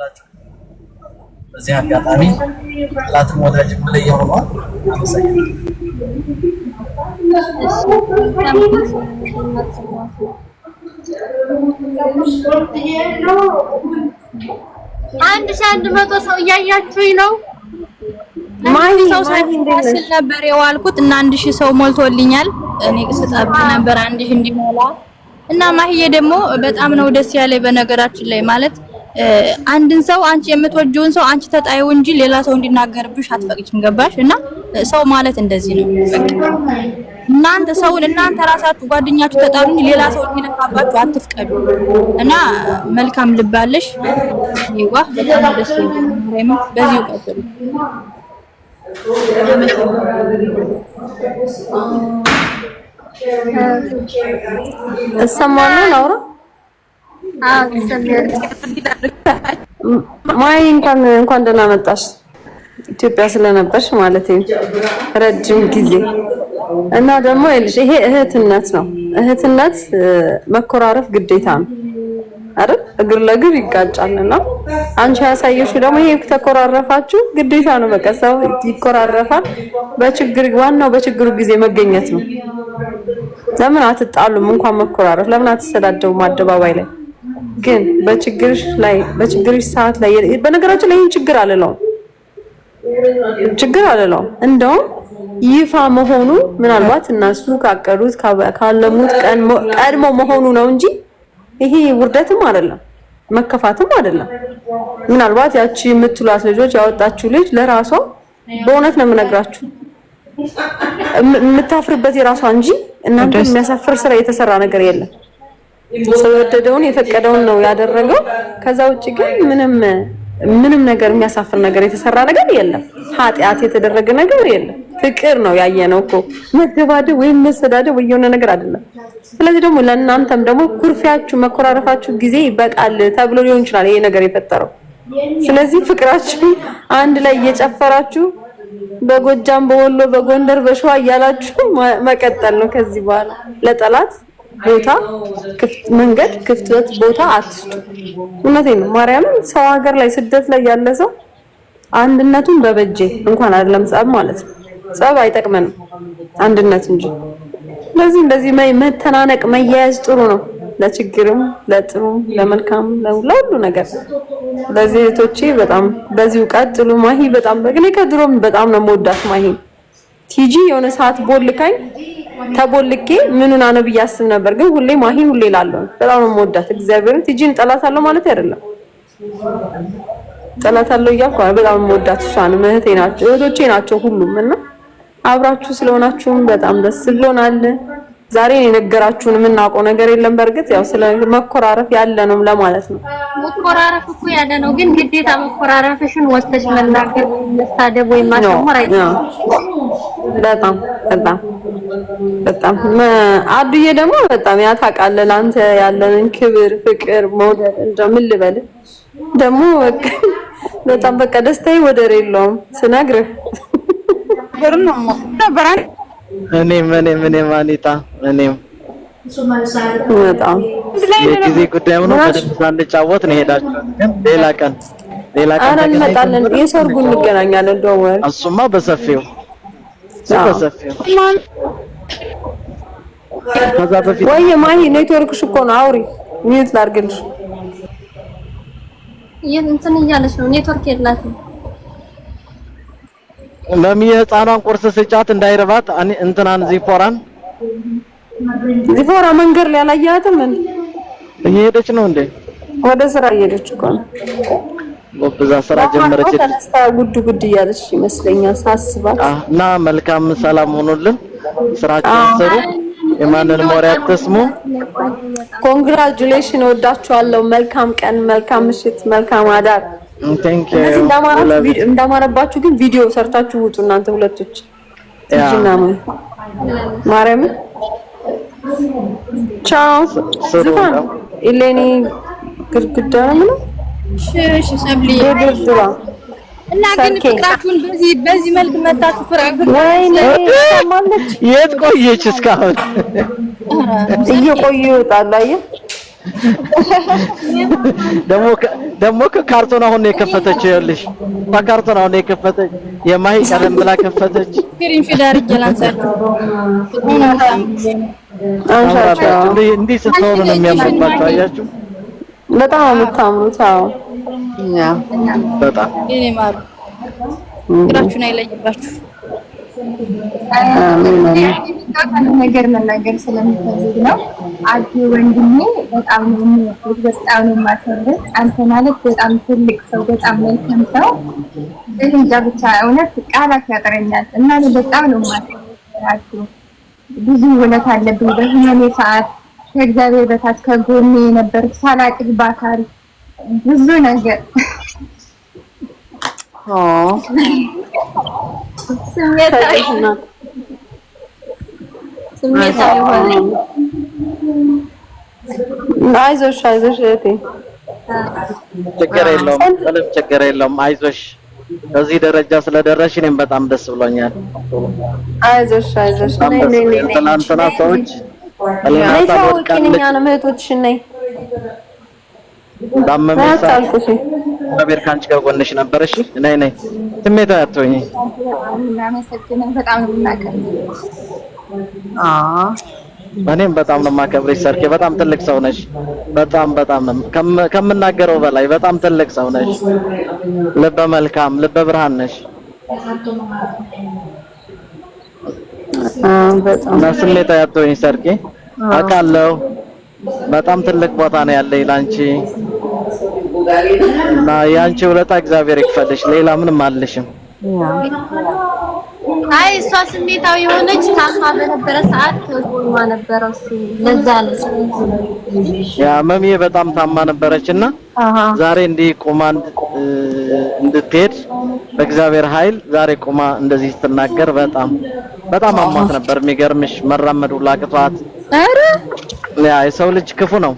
ላቸው በዚህ አጋጣሚ ጠላትም ወዳጅም ብለህ የሆነዋል። አንድ ሺህ አንድ መቶ ሰው እያያችሁኝ ነው። ማሂ ሰው ሳይል ነበር የዋልኩት እና አንድ ሺህ ሰው ሞልቶልኛል። እኔ ስጠብቅ ነበር አንድ ሺህ እንዲሞላ እና ማሂዬ ደግሞ በጣም ነው ደስ ያለ በነገራችን ላይ ማለት አንድን ሰው አንቺ የምትወጂውን ሰው አንቺ ተጣይው እንጂ ሌላ ሰው እንዲናገርብሽ አትፈቅጂም። ገባሽ? እና ሰው ማለት እንደዚህ ነው። እናንተ ሰውን እናንተ ራሳችሁ ጓደኛችሁ ተጣሉ እንጂ ሌላ ሰው እንዲነካባችሁ አትፍቀዱ። እና መልካም ልባለሽ ይዋ በጣም ደስ ይላል። በዚሁ ቀጥሉ። እሰማለሁ ማይ እንኳን እንኳን ደህና መጣሽ ኢትዮጵያ ስለነበርሽ ማለት ረጅም ጊዜ እና ደግሞ ይልሽ ይሄ እህትነት ነው። እህትነት መኮራረፍ ግዴታ ነው አይደል? እግር ለእግር ይጋጫልና አንቺ ያሳየሽው ደግሞ ይሄ ተኮራረፋችሁ ግዴታ ነው። በቃ ሰው ይኮራረፋል። በችግር ዋናው በችግሩ ጊዜ መገኘት ነው። ለምን አትጣሉም? እንኳን መኮራረፍ ለምን አትሰዳደቡም አደባባይ ላይ ግን በችግርሽ ላይ በችግርሽ ሰዓት ላይ በነገራችን ላይ ይህን ችግር አልለውም ችግር አልለውም። እንደውም ይፋ መሆኑ ምናልባት እነሱ ካቀዱት ካለሙት ቀድሞ መሆኑ ነው እንጂ ይሄ ውርደትም አይደለም መከፋትም አይደለም። ምናልባት ያቺ የምትሏት ልጆች ያወጣችው ልጅ ለራሷ በእውነት ነው የምነግራችሁ የምታፍርበት የራሷ እንጂ እናንተ የሚያሳፍር ስራ የተሰራ ነገር የለም። ሰው የፈቀደውን ነው ያደረገው። ከዛ ውጭ ግን ምንም ምንም ነገር የሚያሳፍር ነገር የተሰራ ነገር የለም። ኃጢአት የተደረገ ነገር የለም። ፍቅር ነው ያየነው እኮ መደባደብ ወይም መሰዳደብ ወይ የሆነ ነገር አይደለም። ስለዚህ ደግሞ ለእናንተም ደግሞ ኩርፊያችሁ፣ መኮራረፋችሁ ጊዜ ይበቃል ተብሎ ሊሆን ይችላል ይሄ ነገር የፈጠረው። ስለዚህ ፍቅራችሁ አንድ ላይ እየጨፈራችሁ በጎጃም፣ በወሎ፣ በጎንደር፣ በሸዋ እያላችሁ መቀጠል ነው ከዚህ በኋላ ለጠላት ቦታ መንገድ ክፍተት ቦታ አትስጡ። እውነቴን ነው ማርያምን። ሰው ሀገር ላይ ስደት ላይ ያለ ሰው አንድነቱን በበጀ እንኳን አይደለም ጸብ ማለት ነው። ጸብ አይጠቅመንም አንድነት እንጂ። ስለዚህ እንደዚህ መተናነቅ መያያዝ ጥሩ ነው ለችግርም፣ ለጥሩም፣ ለመልካም፣ ለሁሉ ነገር። ስለዚህ እህቶቼ በጣም በዚሁ ቀጥሉ። ማሂ በጣም በግኔ ከድሮም በጣም ነው የምወዳት ማሂ ቲጂ የሆነ ሰዓት ቦልካኝ ተቦልኬ ምኑን አነብ እያስብ ነበር። ግን ሁሌ ማሂን ሁሌ እላለሁ በጣም ነው የምወዳት። እግዚአብሔርን ትጂን እጠላታለሁ ማለት አይደለም፣ እጠላታለሁ እያልኩ በጣም የምወዳት እሷን። እህቴ ናቸው እህቶቼ ናቸው ሁሉም እና አብራችሁ ስለሆናችሁም በጣም ደስ ብሎናል። ዛሬ ነው የነገራችሁን የምናውቀው ነገር የለም። በእርግጥ ያው ስለ መኮራረፍ ያለ ነው ለማለት ነው። መኮራረፍ እኮ ያለ ነው፣ ግን ግዴታ መኮራረፍሽን ወስተሽ መናገር፣ መሳደብ ወይም ማስተማር አይደለም። በጣም በጣም በጣም አዱዬ ደግሞ በጣም ያታውቃለህ። ለአንተ ያለንን ክብር፣ ፍቅር፣ መውደድ እንደው ምን ልበልህ ደግሞ በጣም በቃ ደስታዬ ወደር የለውም ስነግርህ። እኔም እኔም እኔም አኒታ እኔም በጣም የጊዜ ጉዳይ ሆኖ በደንብ ሳንጫወት ነው የሄዳችሁት። ግን ሌላ ቀን ሌላ ቀን እንመጣለን። የሰርጉ እንገናኛለን። እንደው እሱማ በሰፊው በሰፊው ከዛ በፊት ወይ ማሂ ኔትወርክሽ እኮ ነው። አውሪ ሚዩት ላድርግልሽ። እንትን እያለች ነው፣ ኔትወርክ የላትም። ለሚ የህፃኗን ቁርስ ስጫት እንዳይረባት እንትናን ዚፎራን ዚፎራ መንገድ ላይ አላየሃትም? ምን እየሄደች ነው እንዴ? ወደ ስራ እየሄደች እኮ ነው። ወብዛ ስራ ጀመረች። ተነስታ ጉድ ጉድ እያለች ይመስለኛል ሳስባት እና መልካም ሰላም ሆኖልን ስራችሁን ስሩ። የማንንም ወሬ አትስሙ። ኮንግራጁሌሽን፣ ወዳችኋለሁ። መልካም ቀን፣ መልካም ምሽት፣ መልካም አዳር። ዩ። እንዳማረባችሁ ግን ቪዲዮ ሰርታችሁ ውጡ እናንተ ሁለቶች እና ማርያም ቻው። ዝፋን ኢሌኒ ግድግዳ ነው ምንም እና ግን ፍቅራችሁን በዚህ በዚህ መልክ መታችሁ ፍራችሁ ወይኔ ማለች የት ቆየች? እስካሁን እየቆየ ይወጣል። አየህ ደሞ ደግሞ ከካርቶን አሁን ነው የከፈተች። ይኸውልሽ ከካርቶን አሁን ነው የከፈተች። የማሂ ቀደም ብላ ከፈተች። ግሪንፊልድ አድርጌ ላንሳችሁ። እንዲህ ስትሆኑ ነው የሚያምርባቸው። አያችሁ፣ በጣም የምታምሩት አዎ በጣም እኔ አይለይባችሁ። ነገር መናገር ስለምፈልግ ነው። አዲ ወንድሜ በጣም ነው የሚወዱት፣ በጣም ነው አንተ ማለት በጣም ትልቅ ሰው፣ በጣም መልካም ሰው። እንጃ ብቻ እውነት ቃላት ያጥረኛል እና በጣም ነው የማከብራት። ብዙ ውለት አለብኝ በህመሜ ሰዓት ከእግዚአብሔር በታች ከጎኔ ነበር ሳላቅህ ባካል ብዙ ነገር አይዞሽ አይዞሽ እህቴ ችግር የለውም ምንም ችግር የለውም። አይዞሽ በዚህ ደረጃ ስለደረሽ እኔም በጣም ደስ ብሎኛል። አይዞሽ አይዞሽ። ትናንትና ሰዎች እኛንም ነይ ባመመሽ እግዚአብሔር ከአንቺ ጋር ጎንሽ ነበር። እሺ ነይ ነይ፣ ስሜት አትሆኚ። እኔም በጣም ነው የማከብርሽ ሰርኬ። በጣም ትልቅ ሰው ነሽ። በጣም በጣም ከምናገረው በላይ በጣም ትልቅ ሰው ነሽ። ልበ መልካም፣ ልበ ብርሃን ነሽ። እና ስሜት አትሆኚ ሰርኬ። አውቃለሁ በጣም ትልቅ ቦታ ነው ያለኝ ላንቺ እና የአንቺ ውለታ እግዚአብሔር ይክፈልሽ። ሌላ ምንም አልልሽም። አይ እሷ ስሜታዊ የሆነች ታማ በነበረ ሰዓት ከጎኗ ነበረ እሱ ለዛ ነው። ያ መምዬ በጣም ታማ ነበረች እና ዛሬ እንዲህ ቁማ እንድትሄድ በእግዚአብሔር ኃይል ዛሬ ቁማ እንደዚህ ስትናገር በጣም በጣም አሟት ነበር። የሚገርምሽ መራመድ ሁላ ቅቷት ያ የሰው ልጅ ክፉ ነው።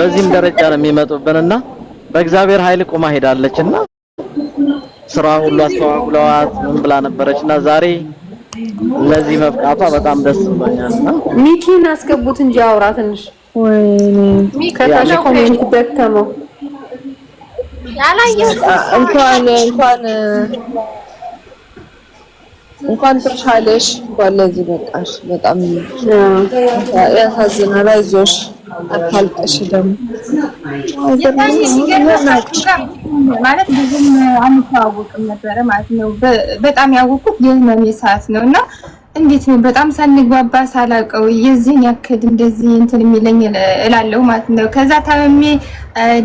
በዚህም ደረጃ ነው የሚመጡብንና በእግዚአብሔር ኃይል ቁማ ሄዳለችና ስራ ሁሉ አስተዋውለዋት ምን ብላ ነበረችና ዛሬ እነዚህ መብቃቷ በጣም ደስ ብሎኛልና ሚኪን አስገቡት እንጂ አውራ ትንሽ ከታሽ ኮሜንት በተመው ደከመው። እንኳን እንኳን እንኳን ተሻለሽ፣ እንኳን ለዚህ በቃሽ። በጣም ያሳዝናል። አይዞሽ፣ አታልቅሽ። ደግሞ ማለት ብዙም አንተዋወቅም ነበረ ማለት ነው። በጣም ያወቅኩት የህመሜ ሰዓት ነው እና እንዴት ነው በጣም ሳንግባባ ሳላውቀው የዚህን ያክል እንደዚህ እንትን የሚለኝ እላለሁ ማለት ነው። ከዛ ታመሜ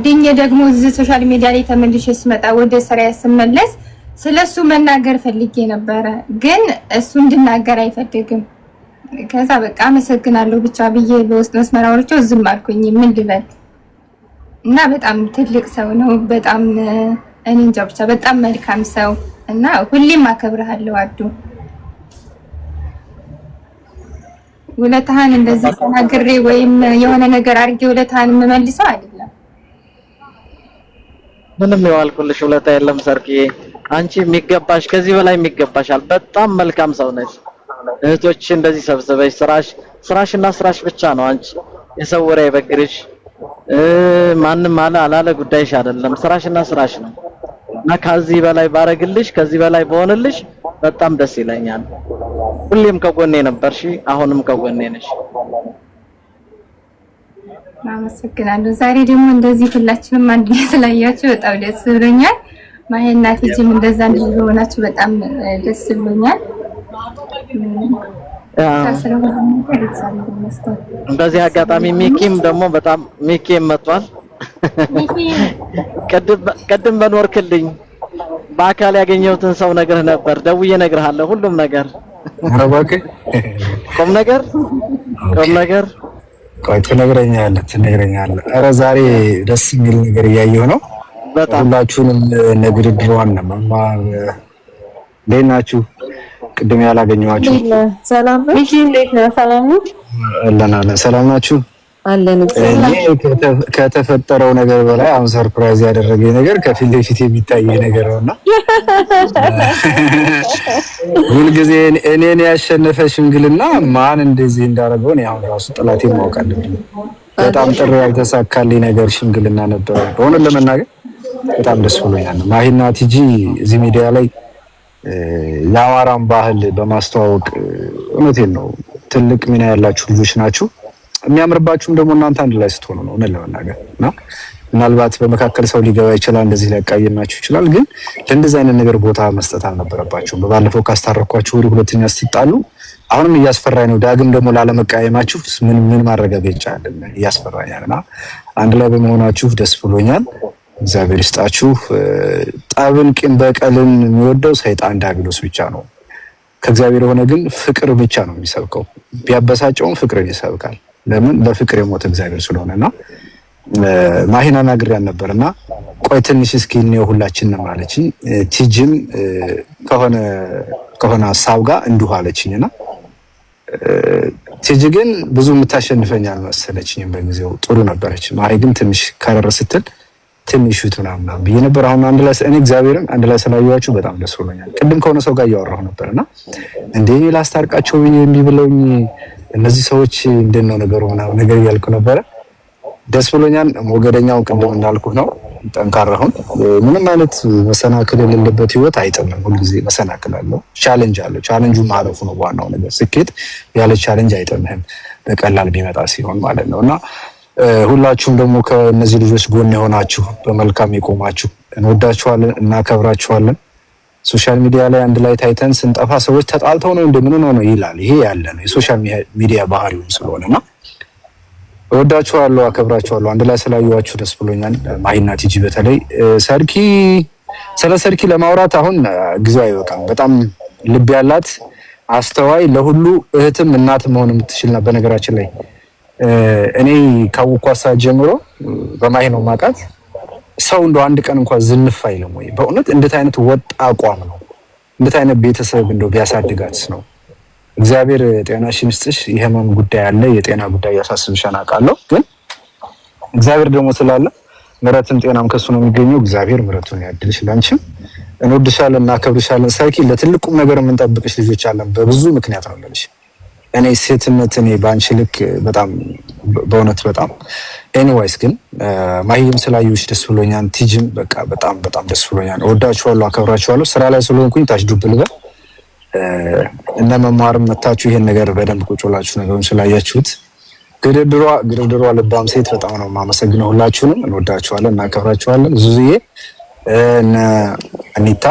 ድኜ ደግሞ እዚህ ሶሻል ሚዲያ ላይ ተመልሼ ስመጣ ወደ ስራ ስመለስ ስለ እሱ መናገር ፈልጌ ነበረ፣ ግን እሱ እንድናገር አይፈልግም። ከዛ በቃ አመሰግናለሁ ብቻ ብዬ በውስጥ መስመር አውርቼው ዝም አልኩኝ። ምን ልበል እና በጣም ትልቅ ሰው ነው። በጣም እኔ እንጃ ብቻ በጣም መልካም ሰው እና ሁሌም አከብርሃለሁ አዱ። ውለታህን እንደዚህ ተናግሬ ወይም የሆነ ነገር አድርጌ ውለታህን የምመልሰው አይደለም። ምንም የዋልኩልሽ ውለታ የለም ሰርክዬ አንቺ የሚገባሽ ከዚህ በላይ የሚገባሻል። በጣም መልካም ሰው ነሽ። እህቶች እንደዚህ ሰብስበሽ ስራሽ ስራሽና ስራሽ ብቻ ነው። አንቺ የሰው ወሬ አይበግርሽ። ማንም አለ አላለ ጉዳይሽ አይደለም። ስራሽና ስራሽ ነው እና ከዚህ በላይ ባረግልሽ፣ ከዚህ በላይ በሆንልሽ በጣም ደስ ይለኛል። ሁሌም ከጎኔ ነበርሽ፣ አሁንም ከጎኔ ነሽ። አመሰግናለሁ። ዛሬ ደግሞ እንደዚህ ሁላችንም ላይ ስላያችሁ በጣም ደስ ብሎኛል። ማሄና ቲጂም እንደዛ እንደሆናችሁ በጣም ደስ ብሎኛል። በዚህ አጋጣሚ ሚኪም ደግሞ በጣም ሚኪም መጥቷል። ቅድም በኖርክልኝ በአካል ያገኘሁትን ሰው ነግርህ ነበር። ደውዬ ነግርሃለሁ ሁሉም ነገር ቁም ነገር ቁም ነገር ቆይ ትነግረኛለህ ትነግረኛለህ። ኧረ ዛሬ ደስ የሚል ነገር እያየሁ ነው። ሁላችሁንም ነግሬዋን ነማማ እንዴት ናችሁ? ቅድም ያላገኘኋችሁ ሰላም ነው። ሰላም ናችሁ? ከተፈጠረው ነገር በላይ አሁን ሰርፕራይዝ ያደረገኝ ነገር ከፊት ለፊት የሚታይ ነገር ነውና ሁልጊዜ እኔን ያሸነፈ ሽምግልና ማን እንደዚህ እንዳደረገው ነው አሁን ራሱ ጠላቴ ማውቃለሁ። በጣም ጥሩ ያልተሳካልኝ ነገር ሽምግልና ነበረ በእውነት ለመናገር በጣም ደስ ያለ ማሂና ቲጂ እዚህ ሚዲያ ላይ የአማራን ባህል በማስተዋወቅ እውነቴን ነው ትልቅ ሚና ያላችሁ ልጆች ናችሁ። የሚያምርባችሁም ደግሞ እናንተ አንድ ላይ ስትሆኑ ነው እውነት ለመናገር እና ምናልባት በመካከል ሰው ሊገባ ይችላል፣ እንደዚህ ሊያቃየናችሁ ይችላል። ግን ለእንደዚህ አይነት ነገር ቦታ መስጠት አልነበረባችሁም። በባለፈው ካስታረኳችሁ ወደ ሁለተኛ ሲጣሉ አሁንም እያስፈራኝ ነው። ዳግም ደግሞ ላለመቃየማችሁ ምን ምን ማረጋገጫ እያስፈራኛል እና አንድ ላይ በመሆናችሁ ደስ ብሎኛል። እግዚአብሔር ይስጣችሁ። ጠብን፣ ቂም፣ በቀልን የሚወደው ሰይጣን ዲያብሎስ ብቻ ነው። ከእግዚአብሔር የሆነ ግን ፍቅር ብቻ ነው የሚሰብከው። ቢያበሳጨውም ፍቅርን ይሰብካል። ለምን? በፍቅር የሞት እግዚአብሔር ስለሆነና ማሂና ናግሪያን ነበርና ቆይ ትንሽ እስኪ እኔው ሁላችን ነው አለችኝ። ቲጅም ከሆነ ከሆነ ሀሳብ ጋር እንዲሁ አለችኝ አለችኝና ቲጅ ግን ብዙ የምታሸንፈኝ አልመሰለችኝም በጊዜው ጥሩ ነበረች። ማሂ ግን ትንሽ ከረር ስትል ትንሹት ምናምን ብዬ ነበር። አሁን አንድ ላይ እኔ እግዚአብሔርን አንድ ላይ ስላየኋችሁ በጣም ደስ ብሎኛል። ቅድም ከሆነ ሰው ጋር እያወራሁ ነበር እና እንዴ እኔ ላስታርቃቸው ብዬ እምቢ ብለውኝ እነዚህ ሰዎች እንዴት ነው ነገሩ ምናምን ነገር እያልኩ ነበረ። ደስ ብሎኛል። ሞገደኛው ቅድም እንዳልኩ ነው። ጠንካራሁን ምንም አይነት መሰናክል የሌለበት ህይወት አይጥምም። ሁልጊዜ መሰናክል አለው፣ ቻለንጅ አለው። ቻለንጁ ማለፉ ነው ዋናው ነገር። ስኬት ያለ ቻለንጅ አይጥምህም፣ በቀላል ቢመጣ ሲሆን ማለት ነው እና ሁላችሁም ደግሞ ከእነዚህ ልጆች ጎን የሆናችሁ በመልካም የቆማችሁ እንወዳችኋለን፣ እናከብራችኋለን። ሶሻል ሚዲያ ላይ አንድ ላይ ታይተን ስንጠፋ ሰዎች ተጣልተው ነው እንደምን ነው ነው ይላል። ይሄ ያለ ነው የሶሻል ሚዲያ ባህሪውም ና እወዳችኋለሁ፣ አከብራችኋለሁ። አንድ ላይ ስላየኋችሁ ደስ ብሎኛል። ማይና ቲጂ በተለይ ሰርኪ፣ ስለ ሰርኪ ለማውራት አሁን ጊዜው አይበቃም። በጣም ልብ ያላት አስተዋይ፣ ለሁሉ እህትም እናት መሆን የምትችል የምትችልና በነገራችን ላይ እኔ ካወኳት ሰዓት ጀምሮ በማይ ነው ማቃት ሰው እንደ አንድ ቀን እንኳን ዝንፍ አይልም ወይ? በእውነት እንዴት አይነት ወጥ አቋም ነው! እንዴት አይነት ቤተሰብ እንደው ቢያሳድጋትስ ነው። እግዚአብሔር ጤናሽን ይስጥሽ። የህመም ጉዳይ አለ፣ የጤና ጉዳይ ያሳስብሻል አውቃለሁ። ግን እግዚአብሔር ደግሞ ስላለ ምሕረትም ጤናም ከሱ ነው የሚገኘው። እግዚአብሔር ምሕረቱን ያድልሽ። ላንቺም እንወድሻለን፣ እናከብርሻለን። ሳይኪ ለትልቁም ነገር የምንጠብቅሽ ልጆች አለን። በብዙ ምክንያት ነው ለልሽ እኔ ሴትነት እኔ በአንቺ ልክ በጣም በእውነት በጣም ኤኒዋይስ ግን ማየም ስላየሁሽ ደስ ብሎኛል። ቲጅም በቃ በጣም በጣም ደስ ብሎኛል። እወዳችኋለሁ፣ አከብራችኋለሁ። ስራ ላይ ስለሆንኩኝ ታች ዱብ ልበል እነ መማርም መታችሁ ይሄን ነገር በደንብ ቁጭ ብላችሁ ነገሩን ስላያችሁት ግድድሯ ግድድሯ ልባም ሴት በጣም ነው የማመሰግነው። ሁላችሁንም እንወዳችኋለን፣ እናከብራችኋለን። ዙዙዬ እነ አኒታ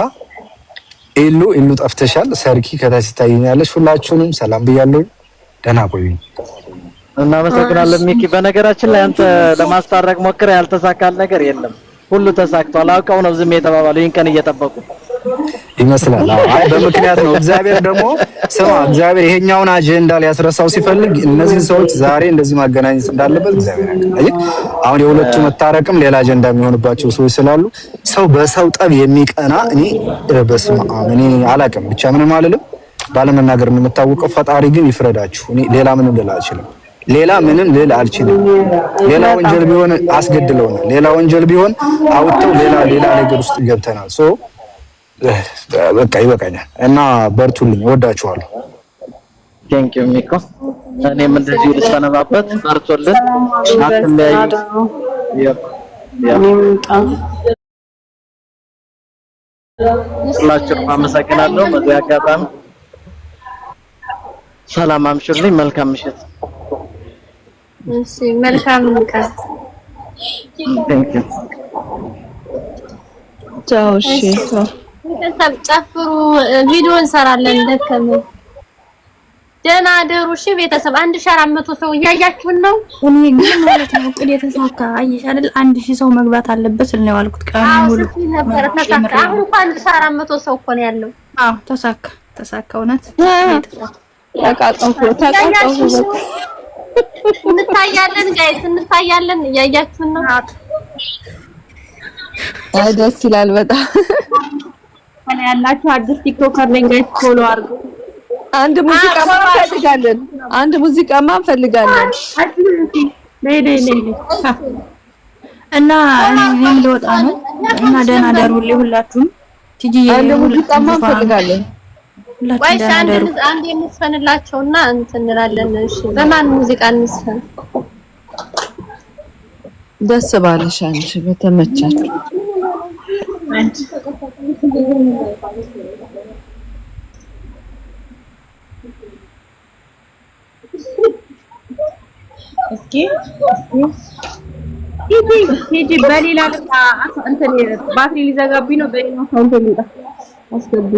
ኤሎ ኤሎ ጠፍተሻል። ሰርኪ ከታች ታይኛለሽ። ሁላችሁንም ሰላም ብያለሁ። ደህና ቆዩኝ። እናመሰግናለን ሚኪ። በነገራችን ላይ አንተ ለማስታረቅ ሞክረ ያልተሳካል ነገር የለም። ሁሉ ተሳክቷል። አውቀው ነው ዝም የተባባሉ ይህን ቀን እየጠበቁ ይመስላል። አይ በምክንያት ነው። እግዚአብሔር ደግሞ ስማ፣ እግዚአብሔር ይሄኛውን አጀንዳ ሊያስረሳው ሲፈልግ እነዚህን ሰዎች ዛሬ እንደዚህ ማገናኘት እንዳለበት እግዚአብሔር ያውቃል። አሁን የሁለቱ መታረቅም ሌላ አጀንዳ የሚሆንባቸው ሰዎች ስላሉ ሰው በሰው ጠብ የሚቀና እኔ በስመ አብ እኔ አላውቅም። ብቻ ምንም አልልም። ባለመናገር ነው የምታወቀው። ፈጣሪ ግን ይፍረዳችሁ። እኔ ሌላ ምንም ልል አልችልም። ሌላ ምንም ልል አልችልም። ሌላ ወንጀል ቢሆን አስገድለውናል። ሌላ ወንጀል ቢሆን አውጥተው ሌላ ሌላ ነገር ውስጥ ገብተናል። በቃ ይበቃኛል። እና በርቱልኝ፣ ወዳችኋለሁ። ቴንክ ዩ ሚኮ። እኔም እንደዚህ ልሰነባበት፣ በርቱልን፣ አትለያዩ። ሁላችሁንም አመሰግናለሁ። በዚህ አጋጣሚ ሰላም አምሽልኝ። መልካም ምሽት። እሺ፣ መልካም ምሽት። ቴንክ ዩ ቻው። እሺ ቤተሰብ ጨፍሩ፣ ቪዲዮ እንሰራለን። ደከመ። ደህና አደሩ። እሺ ቤተሰብ፣ አንድ ሺህ አራት መቶ ሰው እያያችሁን ነው። እኔ ግን ማለት ነው እቅድ የተሳካ አየሽ አይደል? አንድ ሺህ ሰው መግባት አለበት ስል ነው ያልኩት። ቀኑን ሙሉ ተሳካ። አሁን እኮ አንድ ሺህ አራት መቶ ሰው እኮ ነው ያለው። አዎ ተሳካ፣ ተሳካ። እውነት እንታያለን፣ ጋይስ እንታያለን። እያያችሁን ነው። ደስ ይላል በጣም ላይ ያላችሁ አዲስ ቲክቶከር ነኝ ጋይስ ፎሎ አድርጉ። አንድ ሙዚቃማ እንፈልጋለን። አንድ ሙዚቃማ እንፈልጋለን። ነይ ነይ ነይ እና እኔም ልወጣ ነው እና ደህና ደሩልኝ ሁላችሁም። ቲጂ አንድ ሙዚቃማ እንፈልጋለን። ደስ ባለሽ አንቺ በተመቻችሁ እስኪ ሂጂ ሂጂ፣ በሌላ እንትን ባትሪ ሊዘጋብኝ ነው። በሌላ ሰው እንትን አስገቡ።